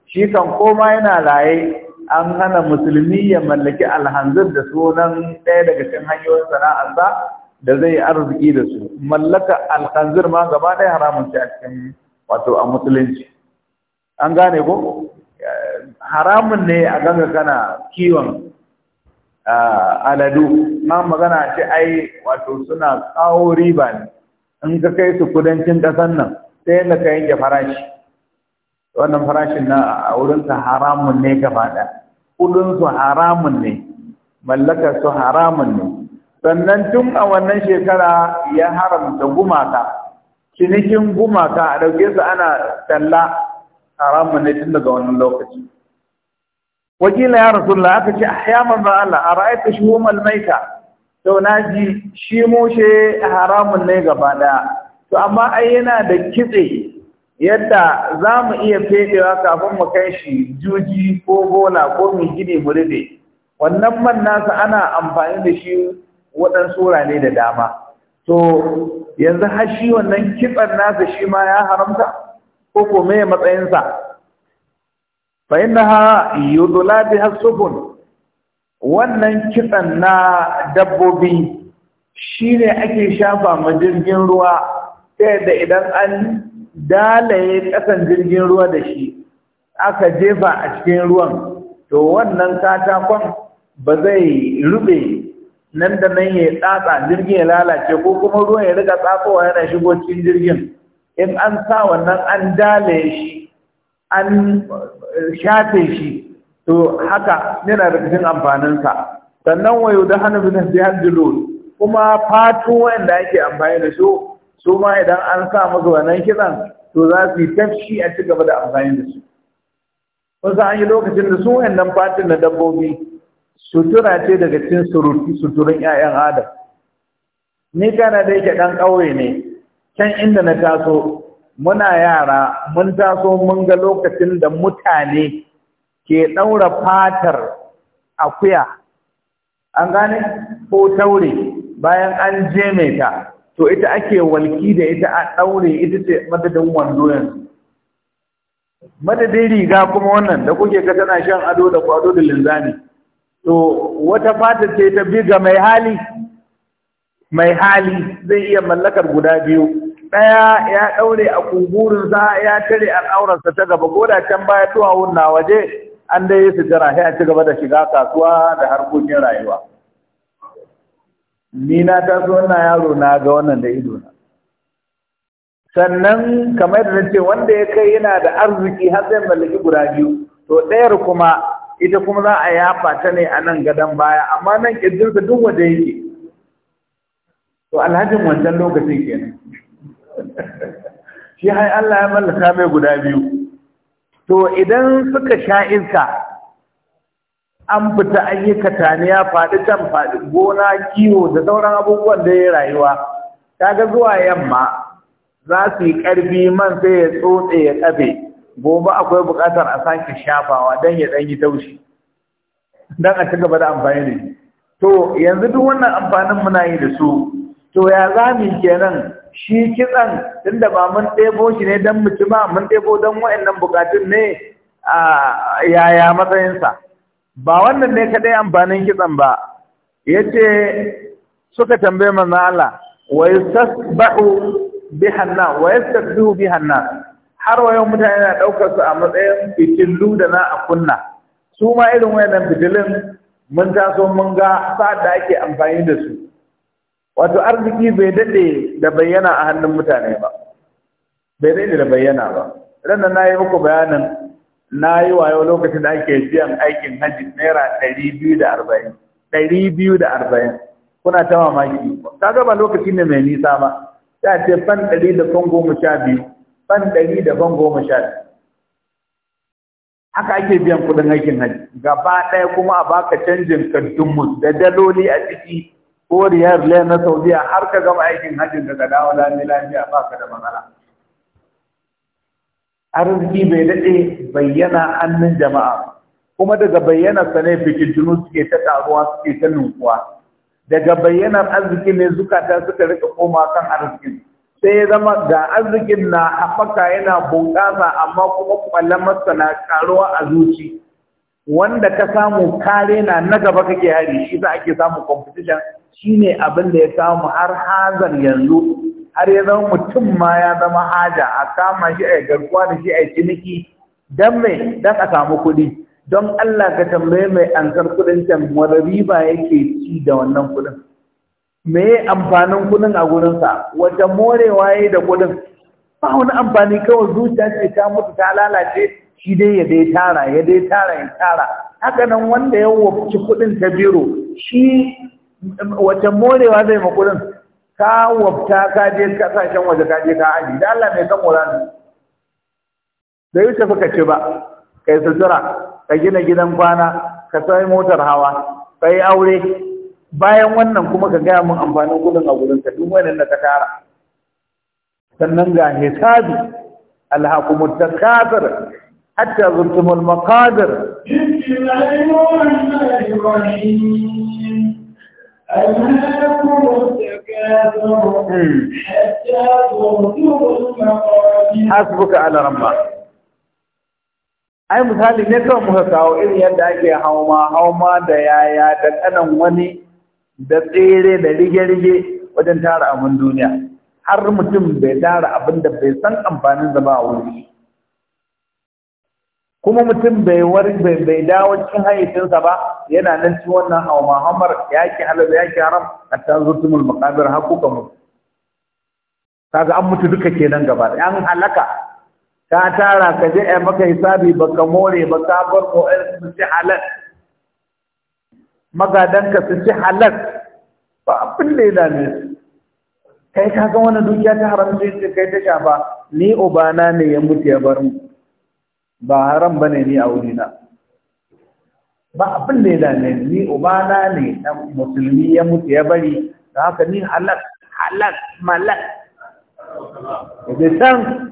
shi kan koma yana laye. an hana musulmi ya mallaki alhanzir da sunan ɗaya daga cikin hanyoyin sana'arsa da zai arziki da su mallaka alhanzir ma gaba ɗaya haramun shi a cikin wato a musulunci an gane ko haramun ne a ganga kana kiwon Ah, aladu ma magana ce ai wato suna kawo riba ne in ka kai su kudancin ƙasar nan sai yadda ka yanke farashi wannan farashin na a wurinsa haramun ne gaba ɗaya kudinsu haramun ne mallakar su haramun ne sannan tun a wannan shekara ya haramta gumaka cinikin gumaka a ɗauke su ana talla haramun ne tun daga wannan lokaci wakila ya rasulullah aka ce ahya manzo Allah a ra'aita shuhumal maita to naji shi mushe haramun ne gaba daya to amma ai yana da kitse yadda za mu iya fedewa kafin mu kai shi juji ko bola ko mai gini mu wannan man nasa ana amfani da shi waɗansu wurare da dama to yanzu har shi wannan kitsan nasa shi ma ya haramta ko ko me matsayinsa Fa'inaha, innaha yudla biha wannan kitsan na dabbobi shine ake shafa ma jirgin ruwa sai da idan an dalaye kasan jirgin ruwa da shi aka jefa a cikin ruwan to wannan katakon ba zai rube nan da nan ya tsatsa jirgin ya lalace ko kuma ruwan ya riga tsatsowa yana shigo cikin jirgin in an sa wannan an dalaye shi an shafe shi to haka yana da cikin amfaninsa sannan wayo da hannu bin jihar kuma fatu wanda ake amfani da su su ma idan an sa masa wannan kitsan to za su yi tafshi a ci gaba da amfani da su wasu an yi lokacin da su wayannan fatin na dabbobi sutura ce daga cikin surutu suturin 'ya'yan adam ni kana da yake ɗan ƙauye ne can inda na taso muna yara mun taso mun ga lokacin da mutane ke ɗaura fatar akuya an gane ko taure bayan an jeme ta to ita ake walki da ita a ɗaure ita ce madadin wando yanzu madadin riga kuma wannan da kuke ka tana shan ado da kwado da linzami to wata fata ce ta biga mai hali mai hali zai iya mallakar guda biyu ɗaya ya ɗaure a kungurinsa ya tare al'aurarsa ta gaba ko da can baya tuwa na waje an dai yi sutura sai a ci gaba da shiga kasuwa da harkokin rayuwa ni na taso na yaro na ga wannan da ido na sannan kamar da ce wanda ya kai yana da arziki har zai mallaki guda biyu to ɗayar kuma ita kuma za a yafa ta ne a nan gadon baya amma nan ƙirjinsa duk waje yake to alhajin wancan lokacin kenan shi hai Allah ya mallaka mai guda biyu to idan suka sha iska an fita an yi kataniya faɗi can faɗi gona kiwo da sauran abubuwan da ya rayuwa kaga zuwa yamma za su yi ƙarfi man sai ya tsotse ya ƙafe gobe akwai buƙatar a sake shafawa don ya ɗan yi taushi don a ci gaba da amfani da to yanzu duk wannan amfanin muna yi da su to ya za mu kenan shi kitsan tunda ba mun ɗebo shi ne don mu ci ba mun ɗebo don wa'annan bukatun ne a yaya matsayinsa ba wannan ne kaɗai amfanin kitsan ba ya ce suka tambaye manzan Allah wa bi bihanna wa bi hanna har wayo mutane na ɗaukar a matsayin fitillu da na a kunna su ma irin wayannan fitilun mun taso mun ga sa'ad da ake amfani da su wato arziki bai dade da bayyana a hannun mutane ba bai dade da bayyana ba ran na yi muku bayanin na yi wayo lokacin da ake biyan aikin hajji naira ɗari biyu da arba'in ɗari biyu da arba'in kuna ta mamaki ta gaba lokaci ne mai nisa ba ta ce fan ɗari da fan goma sha biyu fan ɗari da fan goma sha biyu haka ake biyan kuɗin aikin hajji gaba ɗaya kuma a baka canjin mu da daloli a ciki ko riyar le na saudiya har ka gama aikin hajjin daga dawo da ne lafiya ba ka da matsala arziki bai daɗe bayyana hannun jama'a kuma daga bayyanarsa sa ne fitintunu suke ta taruwa suke ta nunkuwa daga bayyanar arziki ne zukata suka rika koma kan arzikin sai ya zama ga arzikin na haɓaka yana bunƙasa amma kuma kwalamarsa na karuwa a zuci wanda ka samu kare na na gaba kake hari shi za ake samu competition Shi ne abin da ya kawo mu har hazar yanzu har ya zama mutum ma ya zama haja a kama shi a garkuwa da shi a ciniki don mai don a samu kuɗi don Allah ka tambaye mai ankar kuɗin can wani riba yake ci da wannan kuɗin me ya amfanin kuɗin a gurinsa wata morewa ya da kuɗin ba wani amfani kawai zuciya ce ta mutu ta lalace shi dai ya dai tara ya dai tara ya tara haka nan wanda ya wuce kuɗin ta biro shi wacce morewa zai makurin ka wabta ka je kasashen waje ka je ka aji da Allah mai kan wuran da yi tafi ka ci ba ka yi sutura ka gina gidan kwana ka sai motar hawa ka yi aure bayan wannan kuma ka gaya min amfanin kudin a gurin ka duk wannan da ka tara sannan ga hisabi alhakumut takasir hatta zurtumul maqadir ألهاكم التكاثر حتى ai misali ne kawai muka kawo irin yadda ake hauma hauma da yaya da kanan wani da tsere da rige-rige wajen tara abin duniya har mutum bai tara abin da bai san amfanin zama a wuri kuma mutum bai wari bai dawo cikin hayyacinsa ba yana nan cikin wannan hawa muhammar yaki halal ke haram hatta zurtumul maqabir hakuka mu kaga an mutu duka kenan gaba an halaka ka tara ka je ai maka hisabi baka more ba ka bar ko su ci halal magadanka su ci halal ba abin da yana ne kai ka ga wannan dukiya ta haram ce kai ta shafa ni ubana ne ya mutu ya bar mu ba haram bane ni a wurina ba abin da ya dame ni ubana ne na musulmi ya mutu ya bari da haka ni halak halak malak da san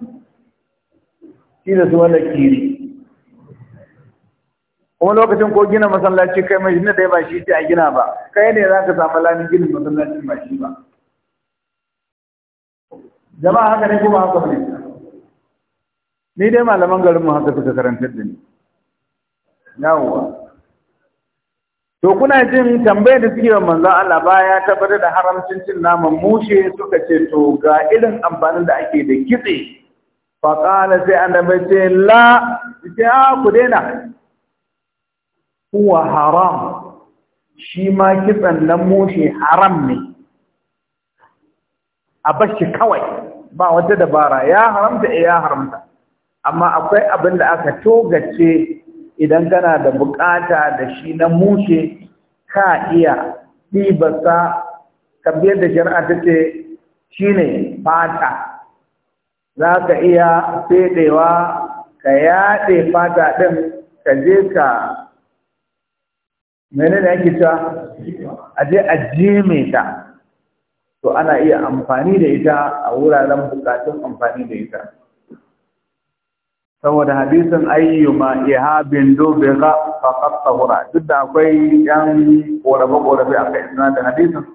shi da su wanda kiri kuma lokacin ko gina masallaci kai mai da dai ba shi ce a gina ba kai ne za ka samu lamin ginin masallaci ba shi ba jama'a haka ne kuma haka ne ni dai malaman garinmu haka suka karantar da ni yawwa to kuna jin tambayar da suke wa manzon Allah baya tabbatar da haramcin cin naman mushe suka ce to ga irin amfanin da ake da kitse fa qala sai annabi ce la ya ah, ku daina huwa haram shi ma kitsan nan mushe haram ne a bashi kawai ba wata dabara ya haramta eh, ya haramta amma akwai abin da aka togace idan kana da bukata da shi na mushe ka iya ɗibasa kamar da shari'a ta ce shine fata za ka iya feɗewa ka yaɗe fata ɗin ka je ka mene ne yake ta a je a jeme ta to ana iya amfani da ita a wuraren bukatun amfani da ita saboda hadisin ayyuma ihabin ga faqat tahura duk da akwai yan korabe korabe akan isnadin hadisin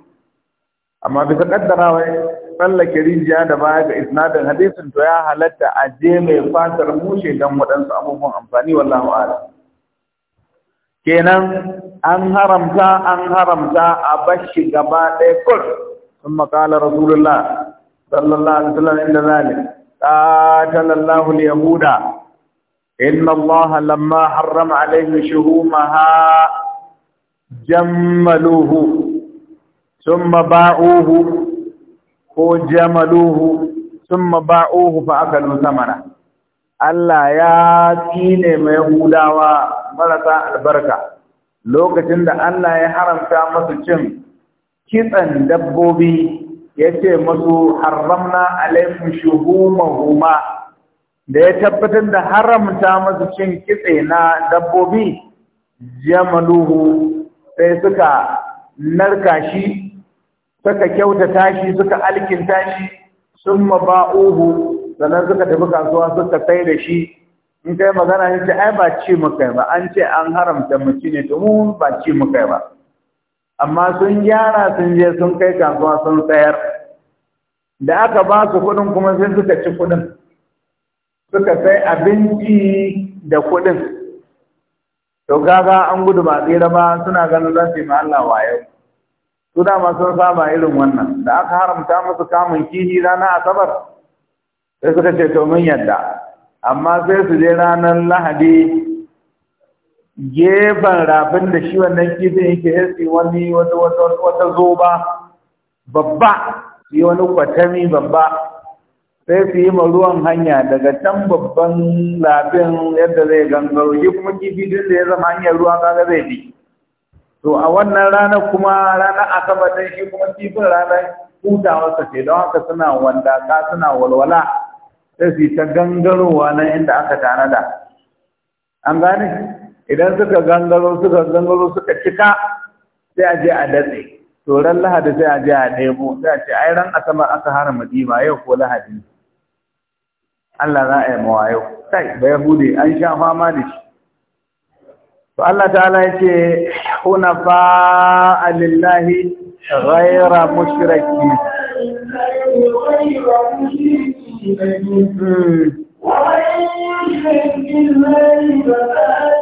amma bisa wai Sallake rijiya da ba ga isnadin hadisin to ya halatta a je mai fatar mushe dan waɗansu abubuwan amfani wallahu a'lam kenan an haramta an haramta a bashi gaba ɗaya kur sun makala rasulullah sallallahu alaihi wasallam inda zalim قاتل الله اليهود إن الله لما حرم عليه شهومها جملوه ثم باعوه وجملوه ثم باعوه فأكلوا ثمنه Allah ya tsine mai hudawa marasa albarka lokacin da Allah ya haramta masu cin kitsan dabbobi ya ce masu haramna alaikun shuhumahuma da ya tabbatar da haramta masu cin kitse na dabbobi jamaluhu sai suka narka shi suka kyauta tashi suka alkinta shi sun ba'uhu sannan suka tafi kasuwa suka sai da shi in kai magana ya ce ai ba ci kai ba an ce an haramta mu ne to mu ba ci kai ba amma sun gyara sun je sun kai kasuwa sun tsayar da aka ba su kuɗin kuma sai suka ci kuɗin suka sai abinci da kuɗin to gaga an gudu ba tsira ba suna ganin zan su ma Allah wayo su dama sun saba irin wannan da aka haramta musu kamun kihi rana asabar sai suka ce to mun yadda amma sai su je ranar lahadi gefen rafin da shi wannan kifin yake yasi wani wata zoba babba su yi wani kwatami babba sai su yi ma ruwan hanya daga can babban lafin yadda zai gangaro shi kuma kifi duk da ya zama hanyar ruwa kaga zai bi to a wannan rana kuma ranar asabar din shi kuma kifin ranar hutawarsa ce don haka suna ka suna walwala sai su yi ta gangarowa nan inda aka tanada an gane idan suka gangaro suka gangaro suka cika sai a je a datse to ran lahadi sai a je a nemo sai a ce ai ran asama aka hara madima yau ko lahadi Allah za a yi mawa yau kai ba bude, an sha fama da shi to Allah ta'ala ya ce hunafa lillahi ghayra mushriki ومن يشرك بالله فقد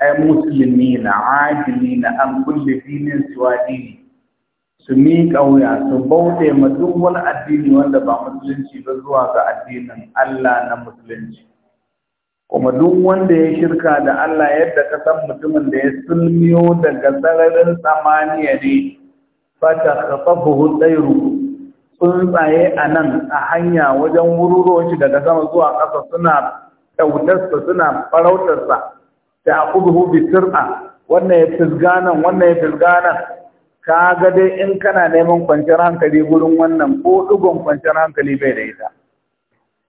ai musulmi na adili na an kulle filin su dini su mi kauya su bauta ma duk wani addini wanda ba musulunci ba zuwa ga addinin Allah na musulunci kuma duk wanda ya shirka da Allah yadda ka san mutumin da ya sulmiyo daga sararin samaniya ne fata khafafuhu tsairu tsuntsaye a nan a hanya wajen wururo shi daga sama zuwa ƙasa suna kyautarsa suna farautarsa ta'quduhu bi sir'a wannan ya fisganan wannan ya fisganan ka ga dai in kana neman kwanciyar hankali gurin wannan ko dugon kwanciyar hankali bai da ita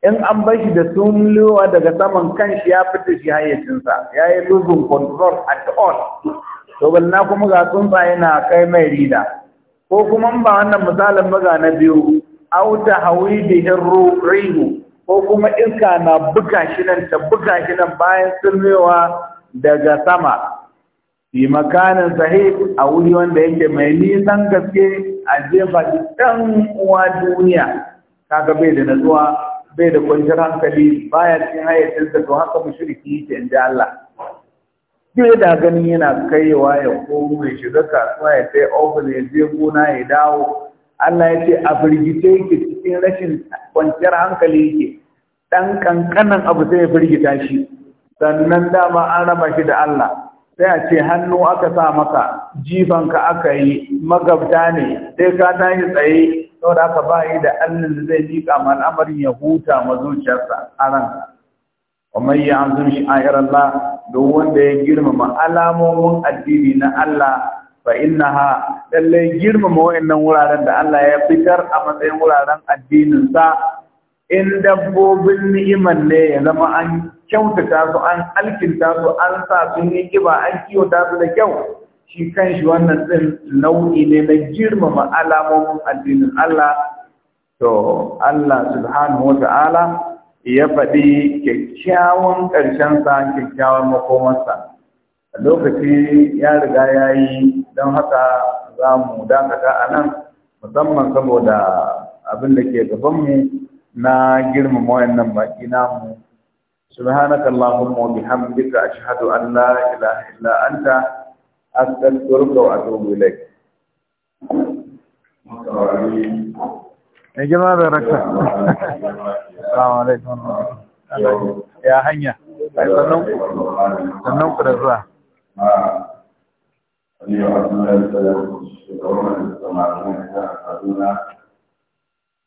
in an bar shi da sunluwa daga saman kan shi ya fita shi hayyacinsa ya yi losing control at all to balna kuma ga tsuntsaye na kai mai rida ko kuma in ba wannan misalin maza na biyu auta hawi bihin rihu ko kuma iska na buga shi nan ta buga shi nan bayan sunluwa daga sama fi makanin sahih a wuri wanda yake mai nisan gaske a jefa ɗan uwa duniya kaga bai da natsuwa bai da kwanciyar hankali baya cikin hayyacinsa to haka mushriki yake inda Allah duk da ganin yana kaiwa ya komo ya shiga kasuwa ya sai ofis ya je gona ya dawo Allah ya ce a firgice yake cikin rashin kwanciyar hankali yake dan kankanan abu sai ya firgita shi sannan dama an raba shi da Allah sai a ce hannu aka sa maka ka aka yi magabta ne sai ka tashi tsaye saboda aka yi da Allah da zai jika ma al'amarin ya huta ma zuciyarsa a ranka ومن يعظم شعائر Allah, duk wanda ya girmama alamomin addini na Allah fa innaha lalle girmama waɗannan wuraren da Allah ya fitar a matsayin wuraren addinin sa in dabbobin ni'iman ne ya zama an kyautata su an alkinta su an sa sun yi kiba an kiyota su da kyau shi kan shi wannan din nau'i ne na girmama alamomin addinin Allah to Allah subhanahu wa ta'ala ya faɗi kyakkyawan sa, kyakkyawan makomarsa lokaci ya riga ya yi don haka za mu dakata a nan musamman saboda abin da ke gabanmu na girmama wayannan baki namu subhanaka allahumma wa bihamdika ashhadu an la ilaha illa anta astaghfiruka wa atubu ilaik ya girma da rakta assalamu alaikum ya hanya sannan sannan ku da zuwa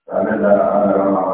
da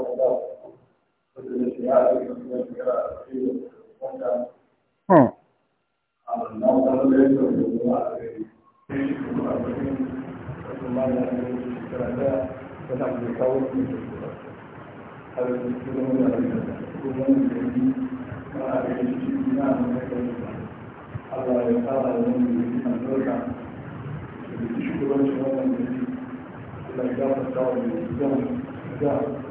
Hmm. Allah ya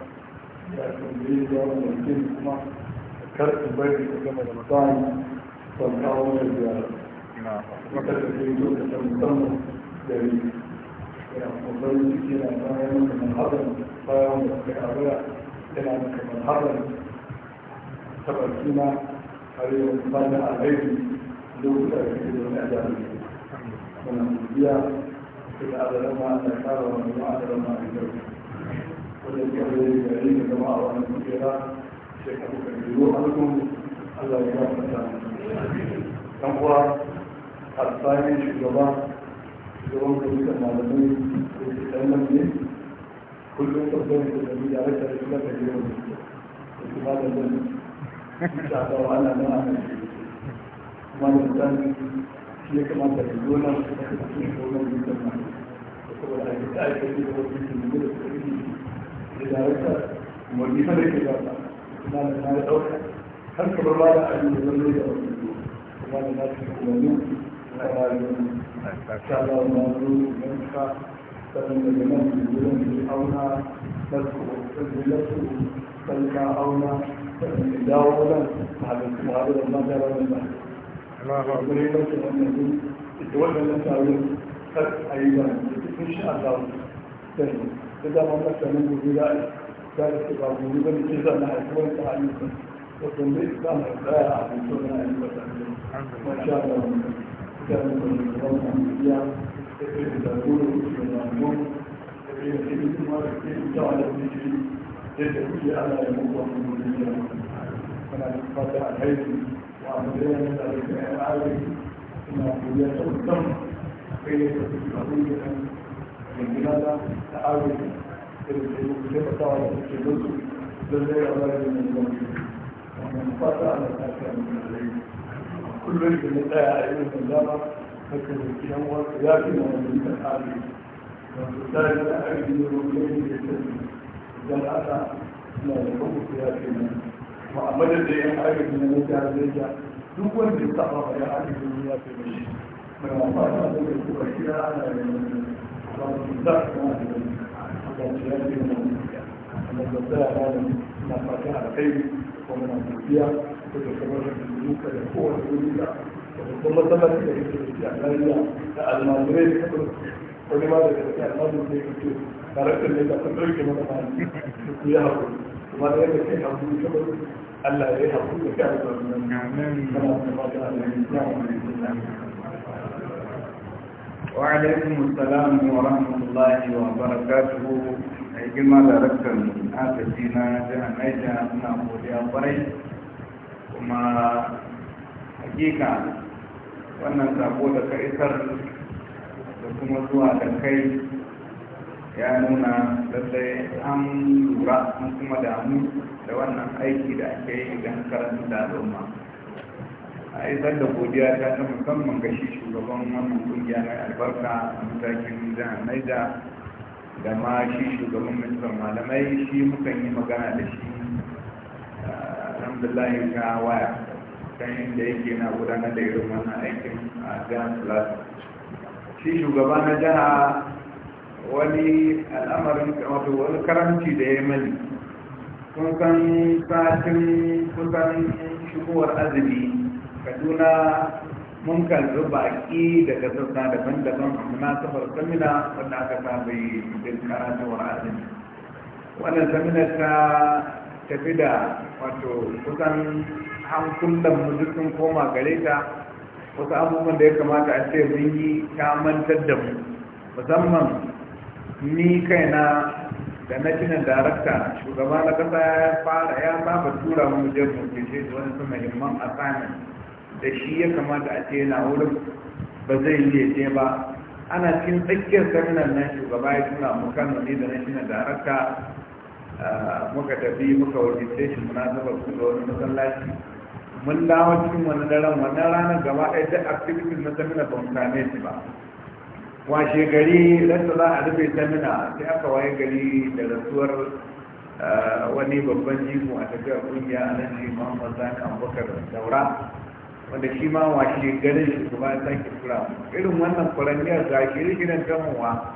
da tambayi da wani yankin kuma karfi bai da gama da mutane ban kawo mai ziyara kuma karfi bai zo da san musamman da ni yana kokarin ciki na bayan kamar haɗin bayan da kai abura yana kamar haɗin tabarkina har yau ba da alhaji lokuta da ke zaune a jami'a wannan biya da alama da karawa da ma'adarama a gidan wajen kare da gari da zama a wannan kujera shekaru kan biyu harkun allah ya gafata dan kuwa a tsarin shugaba shugaban kwamitin malamai da ke tsallan ne kullum tsabbin da zami da rasa da shiga da yau da su ba da zan shafawa ana nan a kan shi kuma da zan shi ya kamata da gona da kuma da gona da kuma da ake da ake da wasu da kuma da kuma da darakta umarni fa da ke ba ba ina da na ɗauka har ka ba da abin da zan zai da wani ina da na cikin umarni na rayuwar شاء الله المنظور ينفع فإن الإمام يقولون أونا نذكر فالجلة تلقى أونا فإن داونا هذا هذا ما جرى من بعد الله أكبر أن نقول الدول التي تعلم قد أيضا إن شاء الله تهدي da dama masanin gobe za a yi za a ce ba gobe ba ne ke za na haifuwar ta halittu da kuma za mu tsaya a halittu na halittu ta halittu masha da wani da mu kuma da wani biya da ke da dole da damuwa da ke da ke da kuma da ke da ta ala da ke da da kuke ala ya muku wani gobe ya kana da fata a haifu wa mu da yana da ke da ya ala ina gobe ta musamman kai ne ta fi abin da لماذا تعاون المسلمين في الجلوس لدي الله من المسلمين ومن فات على الأشياء من الليل كل وجه من الآية عليهم الله فكر الأول لكن من الحالي وبالتالي لا من المسلمين يسلم إذا أتى لا يقوم سياسيا وعمل الذي أعيد من المسلمين duk wanda ya saba ya ake duniya sai da shi mai amfani da kuma kira ولماذا يستطيع الأرض في كتير؟ قرأت اللي إذا كنت أريد كما تفعل يهرب وماذا يجب أن يحب الشغل ألا يحب كتابة من النعمان كما تفعل الإسلام وعليكم السلام ورحمة الله وبركاته أيما لركن آتتنا جهنيجا نقول يا بري وما حقيقة wannan sako da ka isar da kuma zuwa da kai ya nuna lallai an lura kuma damu da wannan aiki da ake yi don karanta da al'umma a isar da godiya ta ta musamman ga shi shugaban wannan kungiya mai albarka a matakin jihar naija da ma shi shugaban ministan malamai shi mukan yi magana da shi eh, alhamdulillah ta waya kan inda yake na gudanar da irin wannan aikin a jihar plaza shi shugaba na jiha wani al'amarin wato wani karamci da ya mani kun san satin kusan shigowar azumi kaduna mun kan zuba ki daga sassa daban-daban a munasabar samina wanda aka saba yi da wa azumi wannan samina ta tafi da wato kusan hankulan mu mujikin koma gare ta wasu abubuwan da ya kamata a ce mun yi ta mantar da mu musamman ni kaina da na gina darakta shugaba na kasa ya fara ya saba tura mu je mu ke ce, wani su a assignment da shi ya kamata a ce yana wurin ba zai yi ce ba ana cikin tsakiyar seminar nan shugaba ya tuna mu kano ne da na daraka ah, muka tafi muka wakilce muna zaba su da wani masallaci mun dawo cikin wani daren wannan ranar gaba ɗaya duk activities na samina ba mu same shi ba washe gari lasta za a rufe samina sai aka waye gari da rasuwar ah, wani babban jiko a tafiyar kungiya a nan shi muhammad sani abubakar daura wanda shi ma shi ganin shi kuma ya sake kura irin wannan da ga shirginan damuwa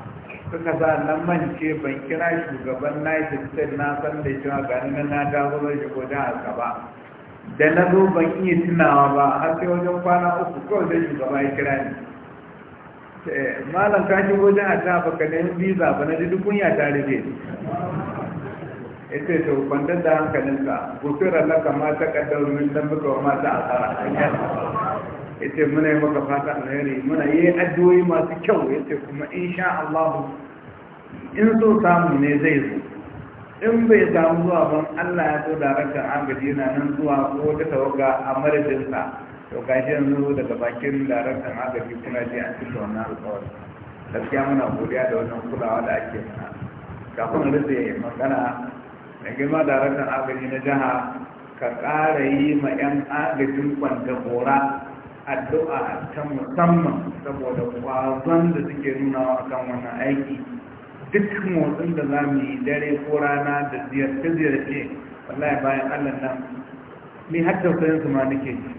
suka sa nan mance ban kira shugaban niger state na san da shi ga nan na dawo shi shigo haka ba da na zo ban iya tunawa ba har sai wajen kwana uku kawai zai shugaba ya kira ni eh, malam ka shigo a ta baka yin biza ba na ji duk kunya ta rufe yace to kwantar da hankalinka gufira laka ma ta kaddar min muka wa mata a asara yace muna yi maka fata alheri muna yi addu'o'i masu kyau yace kuma insha Allah in so samu ne zai zo in bai samu zuwa ban Allah ya so da raka agaji yana nan zuwa ko ta tawaga a madadin to gashi yanzu daga bakin daraktan agaji kuna ji an cika wannan alƙawari gaskiya muna godiya da wannan kulawa da ake mana kafin rufe magana da girma daraktan agaji na jiha ka ƙara yi ma 'yan agajin kwanta gora addu'a ta musamman saboda kwazon da suke nuna akan wannan aiki duk motsin da za mu yi dare ko rana da ziyarce-ziyarce wallahi bayan allah nan ni har tausayin su ma nake ji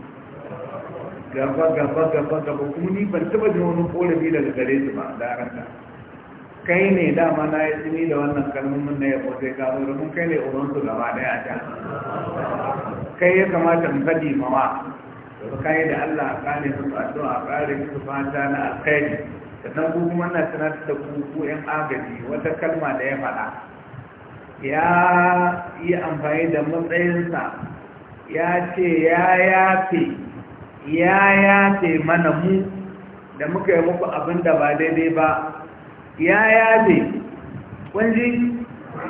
gaba gaba gaba gaba kuma ni ban taba jin wani korafi daga gare su ba da ranta kai ne dama na yi tsini da wannan kalmomin na yabo sai ka zo kai ne su gaba daya a can kai ya kamata mu kaɗi mawa da kai da Allah a ne su addu'a a kare su fata na alkhairi sannan ku kuma na tana da ku ku yan agaji wata kalma da ya faɗa ya yi amfani da matsayinsa ya ce ya yafe ya yafe mana mu da muka yi muku abin da ba daidai ba ya yafe kwanji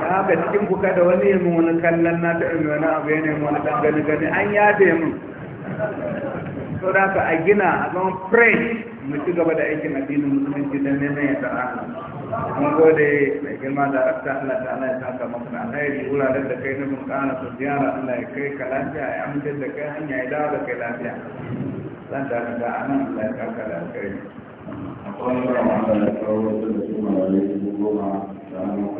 da haka cikin kuka da wani yi wani kallon na ta ilmi wani abu yana wani ɗan gani gani an yafe mu so da ka a gina a zama fresh mu ci gaba da aikin addinin musulunci don neman ya tara mun gode mai girma da rafta Allah ta Allah ya saka maka na alheri wuraren da kai na mun kana su ziyara Allah ya kai ka lafiya ya amince da kai hanya ya dawo da kai lafiya zan da ga anan Allah ya kaka da alheri wani ba a da kawo wasu da su ma wani goma da an